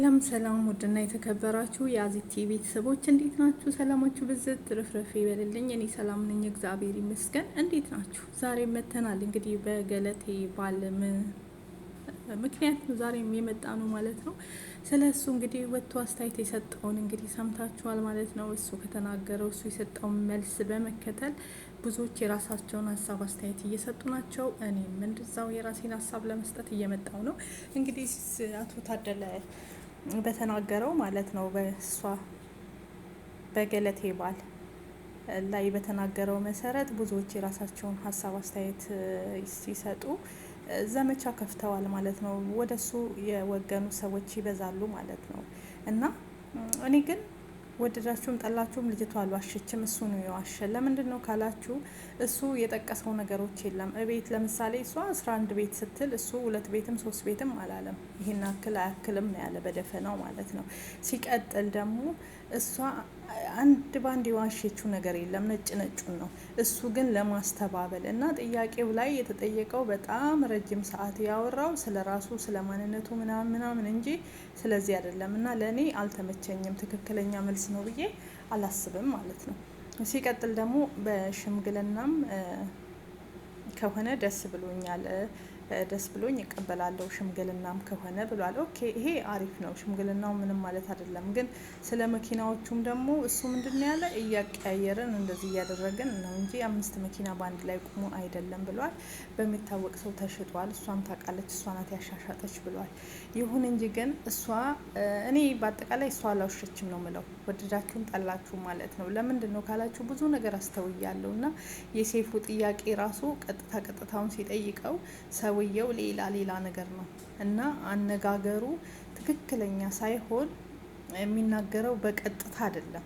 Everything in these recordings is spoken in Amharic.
ሰላም ሰላም ውድና የተከበራችሁ ቲቪ ቤተሰቦች እንዴት ናችሁ? ሰላማችሁ ብዝት ትርፍርፍ ይበልልኝ። እኔ ሰላም ነኝ፣ እግዚአብሔር ይመስገን። እንዴት ናችሁ? ዛሬ መተናል እንግዲህ በገለቴ ባለም ምክንያት ነው ዛሬ የመጣ ነው ማለት ነው። ስለ እሱ እንግዲህ ወጥቶ አስተያየት የሰጠውን እንግዲህ ሰምታችኋል ማለት ነው። እሱ ከተናገረው እሱ የሰጠውን መልስ በመከተል ብዙዎች የራሳቸውን ሀሳብ አስተያየት እየሰጡ ናቸው። እኔም እንደዛው የራሴን ሀሳብ ለመስጠት እየመጣው ነው እንግዲህ አቶ ታደለ በተናገረው ማለት ነው በእሷ በገለቴ ባል ላይ በተናገረው መሰረት ብዙዎች የራሳቸውን ሀሳብ አስተያየት ሲሰጡ ዘመቻ ከፍተዋል ማለት ነው። ወደሱ የወገኑ ሰዎች ይበዛሉ ማለት ነው እና እኔ ግን ወደዳችሁም ጠላችሁም ልጅቷ አልዋሸችም። እሱ ነው የዋሸ። ለምንድን ነው ካላችሁ እሱ የጠቀሰው ነገሮች የለም። እቤት ለምሳሌ እሷ አስራ አንድ ቤት ስትል እሱ ሁለት ቤትም ሶስት ቤትም አላለም። ይህን አክል አያክልም ነው ያለ በደፈናው ማለት ነው። ሲቀጥል ደግሞ እሷ አንድ ባንድ የዋሸችው ነገር የለም። ነጭ ነጩን ነው። እሱ ግን ለማስተባበል እና ጥያቄው ላይ የተጠየቀው በጣም ረጅም ሰዓት ያወራው ስለ ራሱ ስለ ማንነቱ ምናምን ምናምን እንጂ ስለዚህ አይደለም። እና ለእኔ አልተመቸኝም። ትክክለኛ መልስ ነው ብዬ አላስብም ማለት ነው። ሲቀጥል ደግሞ በሽምግልናም ከሆነ ደስ ብሎኛል። ደስ ብሎኝ እቀበላለሁ ሽምግልናም ከሆነ ብሏል። ኦኬ ይሄ አሪፍ ነው። ሽምግልናው ምንም ማለት አይደለም። ግን ስለ መኪናዎቹም ደግሞ እሱ ምንድን ያለ እያቀያየርን እንደዚህ እያደረግን ነው እንጂ አምስት መኪና በአንድ ላይ ቁሙ አይደለም ብሏል። በሚታወቅ ሰው ተሽጧል፣ እሷም ታውቃለች፣ እሷ ናት ያሻሻጠች ብሏል። ይሁን እንጂ ግን እሷ እኔ በአጠቃላይ እሷ አላውሸችም ነው ምለው፣ ወደዳችሁም ጠላችሁ ማለት ነው። ለምንድን ነው ካላችሁ ብዙ ነገር አስተውያለሁ እና የሴፉ ጥያቄ ራሱ ቀጥታ ቀጥታውን ሲጠይቀው ሰው ሰውየው ሌላ ሌላ ነገር ነው እና አነጋገሩ ትክክለኛ ሳይሆን የሚናገረው በቀጥታ አይደለም።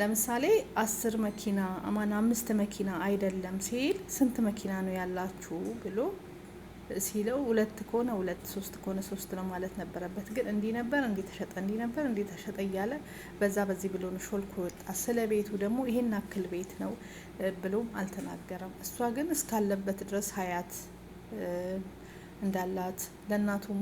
ለምሳሌ አስር መኪና አማን አምስት መኪና አይደለም ሲል ስንት መኪና ነው ያላችሁ ብሎ ሲለው ሁለት ከሆነ ሁለት ሶስት ከሆነ ሶስት ነው ማለት ነበረበት። ግን እንዲህ ነበር እንዲህ ተሸጠ እንዲህ ነበር እንዲህ ተሸጠ እያለ በዛ በዚህ ብሎ ነው ሾልኮ ወጣ። ስለ ቤቱ ደግሞ ይሄን አክል ቤት ነው ብሎም አልተናገረም። እሷ ግን እስካለበት ድረስ ሀያት እንዳላት ለእናቱም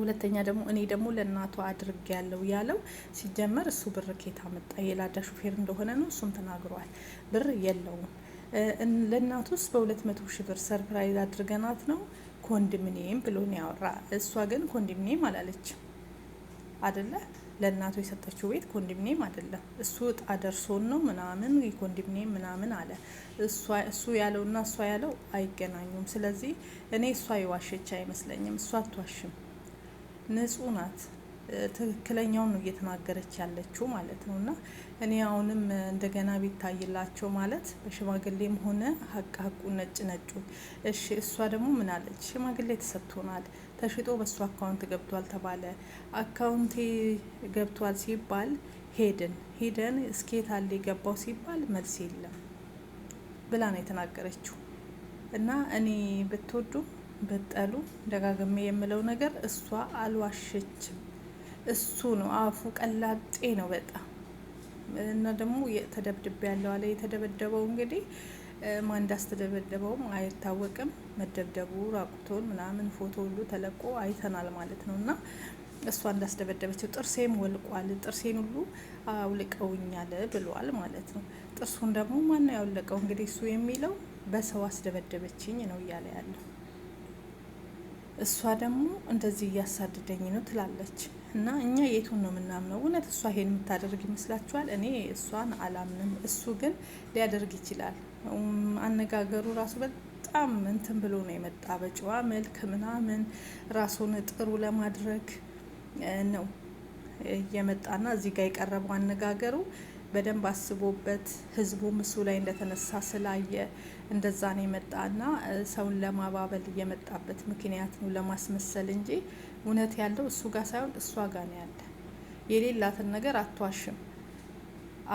ሁለተኛ ደግሞ እኔ ደግሞ ለእናቱ አድርግ ያለው ያለው ሲጀመር እሱ ብር ኬታ መጣ የላዳ ሹፌር እንደሆነ ነው እሱም ተናግሯል። ብር የለውም። ለእናቱስ በሁለት መቶ ሺህ ብር ሰርፕራይዝ አድርገናት ነው ኮንዶሚኒየም ብሎ ያወራ። እሷ ግን ኮንዶሚኒየም አላለችም አደለ ለእናቱ የሰጠችው ቤት ኮንዶሚኒየም አይደለም። እሱ እጣ ደርሶን ነው ምናምን የኮንዶሚኒየም ምናምን አለ። እሱ ያለው እና እሷ ያለው አይገናኙም። ስለዚህ እኔ እሷ የዋሸች አይመስለኝም። እሷ አትዋሽም፣ ንጹሕ ናት። ትክክለኛውን ነው እየተናገረች ያለችው ማለት ነው። እና እኔ አሁንም እንደገና ቢታይላቸው ማለት በሽማግሌም ሆነ ሀቅ ሀቁ ነጭ ነጩ። እሺ እሷ ደግሞ ምን አለች? ሽማግሌ ተሰጥቶናል ተሽጦ በሱ አካውንት ገብቷል ተባለ። አካውንቴ ገብቷል ሲባል ሄድን ሄደን እስኬት አለ የገባው ሲባል መልስ የለም ብላ ነው የተናገረችው። እና እኔ ብትወዱ በጠሉ ደጋግሜ የምለው ነገር እሷ አልዋሸችም። እሱ ነው አፉ ቀላጤ ነው በጣም እና ደግሞ ተደብድቤ ያለው አለ የተደበደበው እንግዲህ ማን እንዳስተደበደበውም አይታወቅም። መደብደቡ ራቁቶን ምናምን ፎቶ ሁሉ ተለቆ አይተናል ማለት ነው እና እሷ እንዳስደበደበችው ጥርሴም ወልቋል፣ ጥርሴን ሁሉ አውልቀውኛል ብሏል ማለት ነው። ጥርሱን ደግሞ ማን ነው ያውለቀው? እንግዲህ እሱ የሚለው በሰው አስደበደበችኝ ነው እያለ ያለው። እሷ ደግሞ እንደዚህ እያሳደደኝ ነው ትላለች። እና እኛ የቱን ነው የምናምነው? እውነት እሷ ይሄን የምታደርግ ይመስላችኋል? እኔ እሷን አላምንም። እሱ ግን ሊያደርግ ይችላል። አነጋገሩ ራሱ በጣም እንትን ብሎ ነው የመጣ በጨዋ መልክ ምናምን ራሱን ጥሩ ለማድረግ ነው እየመጣና እዚህ ጋር የቀረበው አነጋገሩ በደንብ አስቦበት ህዝቡ ምሱ ላይ እንደተነሳ ስላየ እንደዛ ነው የመጣና ሰውን ለማባበል እየመጣበት ምክንያት ነው ለማስመሰል እንጂ እውነት ያለው እሱ ጋር ሳይሆን እሷ ጋር ነው ያለ። የሌላትን ነገር አትዋሽም።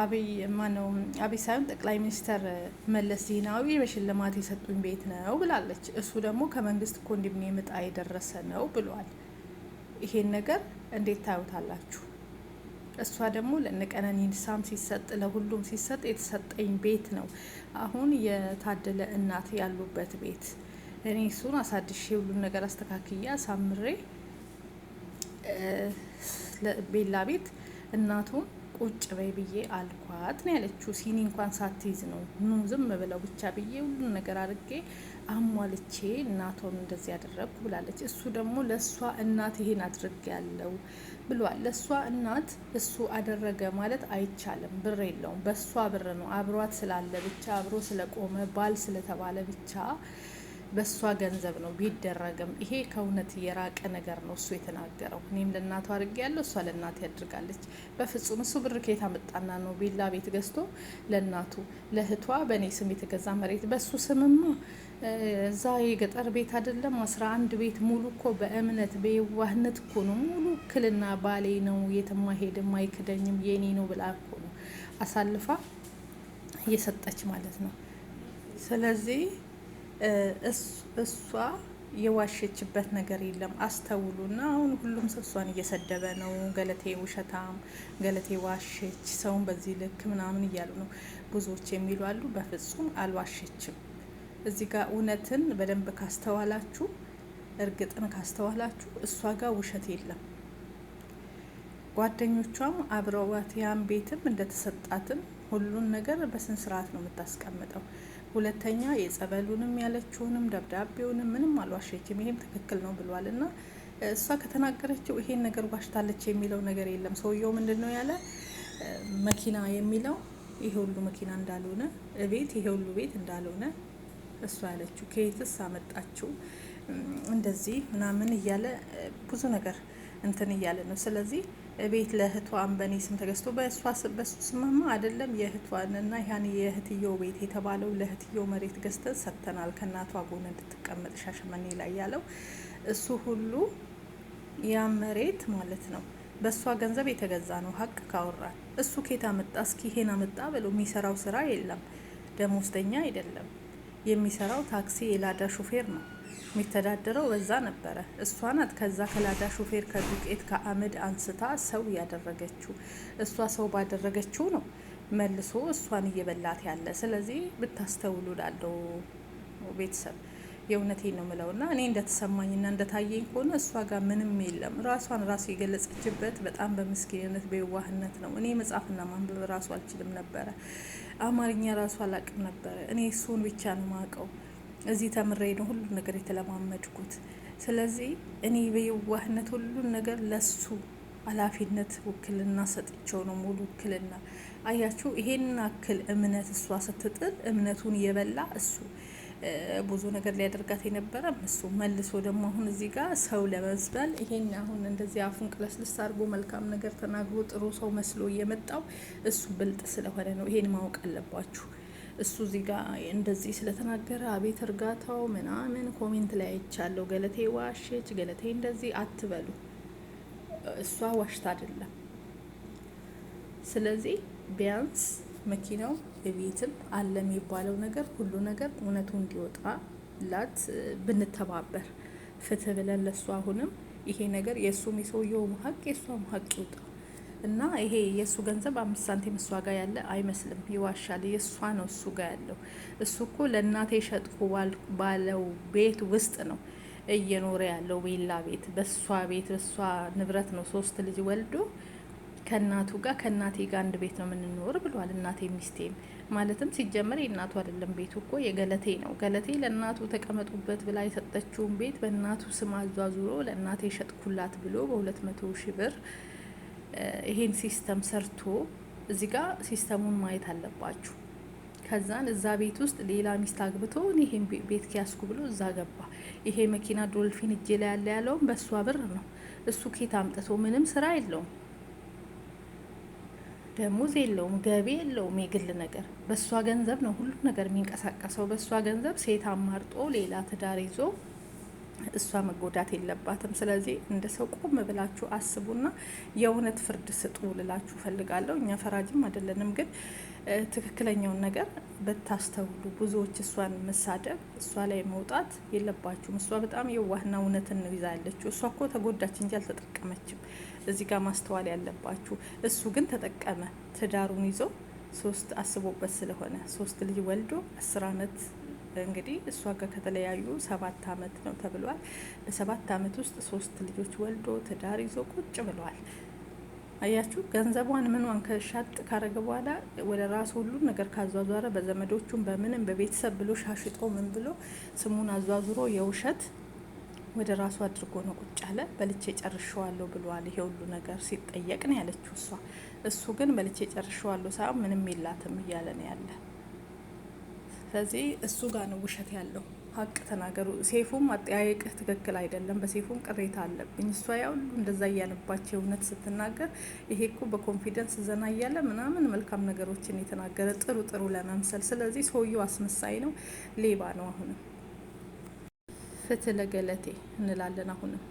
አብይ ማነው አብይ ሳይሆን ጠቅላይ ሚኒስተር መለስ ዜናዊ በሽልማት የሰጡኝ ቤት ነው ብላለች። እሱ ደግሞ ከመንግስት ኮንዶሚኒየም ዕጣ የደረሰ ነው ብሏል። ይሄን ነገር እንዴት ታዩታላችሁ? እሷ ደግሞ ለነቀነኒ ሳም ሲሰጥ ለሁሉም ሲሰጥ የተሰጠኝ ቤት ነው። አሁን የታደለ እናት ያሉበት ቤት እኔ እሱን አሳድሼ ሁሉን ነገር አስተካክዬ አሳምሬ ቤላ ቤት እናቱን ቁጭ በይ ብዬ አልኳት ነው ያለችው። ሲኒ እንኳን ሳትይዝ ነው ኑ ዝም ብለው ብቻ ብዬ ሁሉን ነገር አድርጌ አሟልቼ እናቷን እንደዚህ ያደረግኩ ብላለች። እሱ ደግሞ ለእሷ እናት ይሄን አድርግ ያለው ብሏል። ለእሷ እናት እሱ አደረገ ማለት አይቻልም። ብር የለውም፣ በእሷ ብር ነው። አብሯት ስላለ ብቻ አብሮ ስለቆመ ባል ስለተባለ ብቻ በእሷ ገንዘብ ነው ቢደረግም፣ ይሄ ከእውነት የራቀ ነገር ነው እሱ የተናገረው። እኔም ለእናቱ አድርጌ ያለው እሷ ለእናት ያድርጋለች። በፍጹም እሱ ብር ከየት አመጣና ነው ቢላ ቤት ገዝቶ ለእናቱ ለእህቷ በእኔ ስም የተገዛ መሬት በእሱ ስምማ እዛ የገጠር ቤት አይደለም አስራ አንድ ቤት ሙሉ እኮ በእምነት በየዋህነት እኮ ነው ሙሉ እክልና ባሌ ነው የትማሄድም አይክደኝም የኔ ነው ብላ እኮ ነው አሳልፋ እየሰጠች ማለት ነው። ስለዚህ እሷ የዋሸችበት ነገር የለም። አስተውሉ እና አሁን ሁሉም ሰው እሷን እየሰደበ ነው። ገለቴ ውሸታም፣ ገለቴ ዋሸች፣ ሰውን በዚህ ልክ ምናምን እያሉ ነው ብዙዎች የሚሉ አሉ። በፍጹም አልዋሸችም። እዚህ ጋር እውነትን በደንብ ካስተዋላችሁ፣ እርግጥን ካስተዋላችሁ እሷ ጋር ውሸት የለም። ጓደኞቿም አብረዋት ያን ቤትም እንደተሰጣትም ሁሉን ነገር በስነ ስርዓት ነው የምታስቀምጠው። ሁለተኛ የጸበሉንም ያለችውንም ደብዳቤውንም ምንም አልዋሸችም። ይሄም ትክክል ነው ብሏል እና እሷ ከተናገረችው ይሄን ነገር ዋሽታለች የሚለው ነገር የለም። ሰውየው ምንድን ነው ያለ መኪና የሚለው ይሄ ሁሉ መኪና እንዳልሆነ፣ ቤት ይሄ ሁሉ ቤት እንዳልሆነ እሷ ያለችው ከየትስ አመጣችው እንደዚህ ምናምን እያለ ብዙ ነገር እንትን እያለ ነው። ስለዚህ ቤት ለእህቷ አንበኔ ስም ተገዝቶ በእሷ በሱ ስምማ አይደለም የእህቷንና ያን የእህትየው ቤት የተባለው ለእህትየው መሬት ገዝተን ሰጥተናል፣ ከእናቷ ጎን እንድትቀመጥ ሻሸመኔ ላይ ያለው እሱ ሁሉ ያ መሬት ማለት ነው በእሷ ገንዘብ የተገዛ ነው። ሀቅ ካወራል እሱ ኬታ መጣ እስኪ ይሄን መጣ ብለው የሚሰራው ስራ የለም። ደሞዝተኛ አይደለም። የሚሰራው ታክሲ የላዳ ሹፌር ነው። የሚተዳደረው በዛ ነበረ። እሷ ናት ከዛ ከላዳ ሾፌር ከዱቄት ከአመድ አንስታ ሰው ያደረገችው። እሷ ሰው ባደረገችው ነው መልሶ እሷን እየበላት ያለ። ስለዚህ ብታስተውሉ ላለው ቤተሰብ የእውነቴ ነው ምለው ና እኔ እንደተሰማኝና እንደታየኝ ከሆነ እሷ ጋር ምንም የለም። ራሷን ራሱ የገለጸችበት በጣም በምስኪንነት በየዋህነት ነው። እኔ መጻፍና ማንበብ ራሱ አልችልም ነበረ። አማርኛ ራሱ አላቅም ነበረ። እኔ እሱን ብቻ ነው ማቀው እዚህ ተምሬ ነው ሁሉ ነገር የተለማመድኩት። ስለዚህ እኔ በየዋህነት ሁሉን ነገር ለሱ ኃላፊነት ውክልና ሰጥቸው ነው ሙሉ ውክልና። አያችሁ ይሄን አክል እምነት እሷ ስትጥል እምነቱን የበላ እሱ ብዙ ነገር ሊያደርጋት የነበረ እሱ መልሶ ደግሞ አሁን እዚህ ጋር ሰው ለመዝበል ይሄን አሁን እንደዚህ አፉን ቅለስልስ አድርጎ መልካም ነገር ተናግሮ ጥሩ ሰው መስሎ እየመጣው እሱ ብልጥ ስለሆነ ነው። ይሄን ማወቅ አለባችሁ። እሱ እዚህ ጋር እንደዚህ ስለተናገረ አቤት እርጋታው ምናምን ኮሜንት ላይ አይቻለሁ። ገለቴ ዋሸች፣ ገለቴ እንደዚህ አትበሉ። እሷ ዋሽታ አይደለም። ስለዚህ ቢያንስ መኪናው ቤትም አለ የሚባለው ነገር ሁሉ ነገር እውነቱ እንዲወጣ ላት ብንተባበር ፍትህ ብለን ለእሱ አሁንም ይሄ ነገር የእሱም የሰውየውም ሀቅ የእሷም ሀቅ ይውጣ። እና ይሄ የእሱ ገንዘብ አምስት ሳንቲም እሷ ጋር ያለ አይመስልም፣ ይዋሻል። የእሷ ነው እሱ ጋር ያለው። እሱ እኮ ለእናቴ ሸጥኩ ባለው ቤት ውስጥ ነው እየኖረ ያለው ቤላ ቤት፣ በእሷ ቤት በእሷ ንብረት ነው ሶስት ልጅ ወልዶ ከእናቱ ጋር ከእናቴ ጋር አንድ ቤት ነው የምንኖር ብሏል። እናቴ ሚስቴም ማለትም ሲጀመር የእናቱ አይደለም ቤቱ እኮ የገለቴ ነው። ገለቴ ለእናቱ ተቀመጡበት ብላ የሰጠችውን ቤት በእናቱ ስም አዟዙሮ ለእናቴ ሸጥኩላት ብሎ በሁለት መቶ ሺህ ብር ይሄን ሲስተም ሰርቶ እዚህ ጋ ሲስተሙን ማየት አለባችሁ። ከዛን እዛ ቤት ውስጥ ሌላ ሚስት አግብቶ ይሄን ቤት ኪያስኩ ብሎ እዛ ገባ። ይሄ መኪና ዶልፊን እጄ ላይ ያለ ያለውም በእሷ ብር ነው። እሱ ኬት አምጥቶ ምንም ስራ የለውም፣ ደሞዝ የለውም፣ ገቢ የለውም። የግል ነገር በእሷ ገንዘብ ነው ሁሉም ነገር የሚንቀሳቀሰው በእሷ ገንዘብ። ሴት አማርጦ ሌላ ትዳር ይዞ እሷ መጎዳት የለባትም። ስለዚህ እንደ ሰው ቆም ብላችሁ አስቡና የእውነት ፍርድ ስጡ ልላችሁ ፈልጋለሁ። እኛ ፈራጅም አይደለንም፣ ግን ትክክለኛውን ነገር ብታስተውሉ። ብዙዎች እሷን መሳደብ፣ እሷ ላይ መውጣት የለባችሁም። እሷ በጣም የዋህና እውነትን ነው ይዛ ያለችው። እሷ እኮ ተጎዳች እንጂ አልተጠቀመችም። እዚህ ጋር ማስተዋል ያለባችሁ። እሱ ግን ተጠቀመ። ትዳሩን ይዞ ሶስት አስቦበት ስለሆነ ሶስት ልጅ ወልዶ አስር አመት እንግዲህ እሷ ጋር ከተለያዩ ሰባት አመት ነው ተብሏል። በሰባት አመት ውስጥ ሶስት ልጆች ወልዶ ትዳር ይዞ ቁጭ ብሏል። አያችሁ ገንዘቧን ምኗን ከሻጥ ካረገ በኋላ ወደ ራሱ ሁሉ ነገር ካዟዟረ በዘመዶቹም በምንም በቤተሰብ ብሎ ሻሽጦ ምን ብሎ ስሙን አዟዙሮ የውሸት ወደ ራሱ አድርጎ ነው ቁጭ አለ። በልቼ ጨርሸዋለሁ ብሏል። ይሄ ሁሉ ነገር ሲጠየቅ ነው ያለችው እሷ። እሱ ግን በልቼ ጨርሸዋለሁ ሳይሆን ምንም የላትም እያለ ነው ያለ ስለዚህ እሱ ጋር ነው ውሸት ያለው። ሀቅ ተናገሩ። ሴፉም አጠያየቅህ ትክክል አይደለም፣ በሴፉም ቅሬታ አለብኝ። እሷ ያው ሁሉ እንደዛ እያለባቸው እውነት ስትናገር ይሄ እኮ በኮንፊደንስ ዘና እያለ ምናምን መልካም ነገሮችን የተናገረ ጥሩ ጥሩ ለመምሰል። ስለዚህ ሰውየው አስመሳይ ነው፣ ሌባ ነው። አሁንም ፍትህ ለገለቴ እንላለን አሁንም